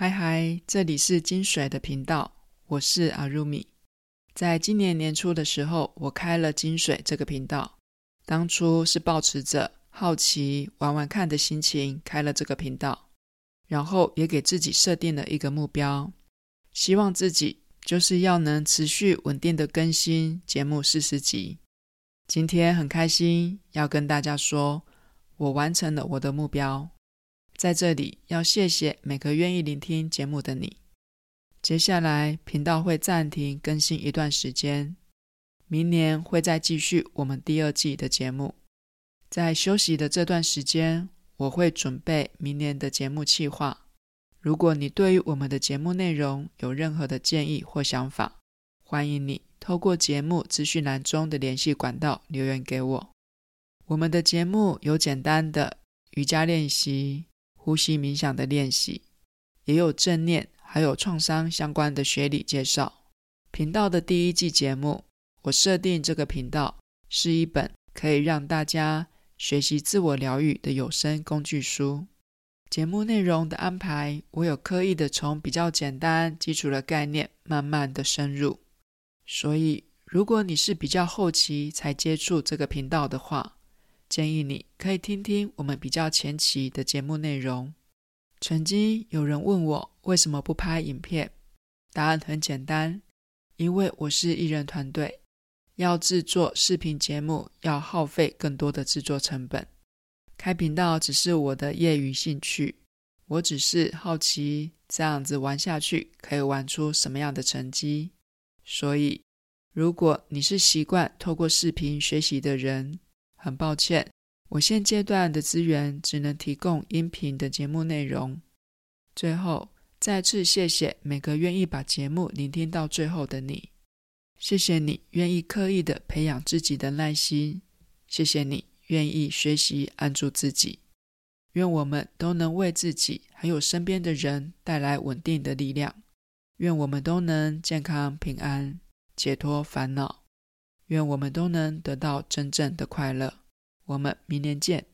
嗨嗨，這裡是金水的頻道，我是阿如米。在今年年初的時候，我開了金水這個頻道，當初是抱持着好奇、玩玩看的心情開了這個頻道，然後也給自己設定了一個目標，希望自己就是要能持續穩定的更新節目四十集。今天很開心，要跟大家說，我完成了我的目標。在這裡要謝謝每個願意聆聽節目的你。接下來，頻道會暫停更新一段時間，明年會再繼續我們第二季的節目。在休息的這段時間，我會準備明年的節目企劃。如果你對於我們的節目內容有任何的建議或想法，歡迎你透過節目資訊欄中的聯繫管道留言給我。我們的節目有簡單的瑜伽練習。呼吸冥想的練習，也有正念，還有創傷相關的學理介紹。頻道的第一季節目，我設定這個頻道是一本可以讓大家學習自我療癒的有聲工具書。節目內容的安排，我有刻意的從比較簡單基礎的概念，慢慢的深入。所以，如果你是比較後期才接觸這個頻道的話，建議你可以聽聽我們比較前期的節目內容。曾經有人問我為什麼不拍影片？答案很簡單，因為我是一人團隊，要製作視頻節目要耗費更多的製作成本。開頻道只是我的業餘興趣，我只是好奇這樣子玩下去可以玩出什麼樣的成績。所以，如果你是習慣透過視頻學習的人，很抱歉，我現階段的資源只能提供音頻的節目內容。最後，再次謝謝每個願意把節目聆聽到最後的你。謝謝你願意刻意的培養自己的耐心。謝謝你願意學習安住自己。願我們都能為自己還有身邊的人帶來穩定的力量。願我們都能健康平安，解脫煩惱。願我們都能得到真正的快樂。我們明年見。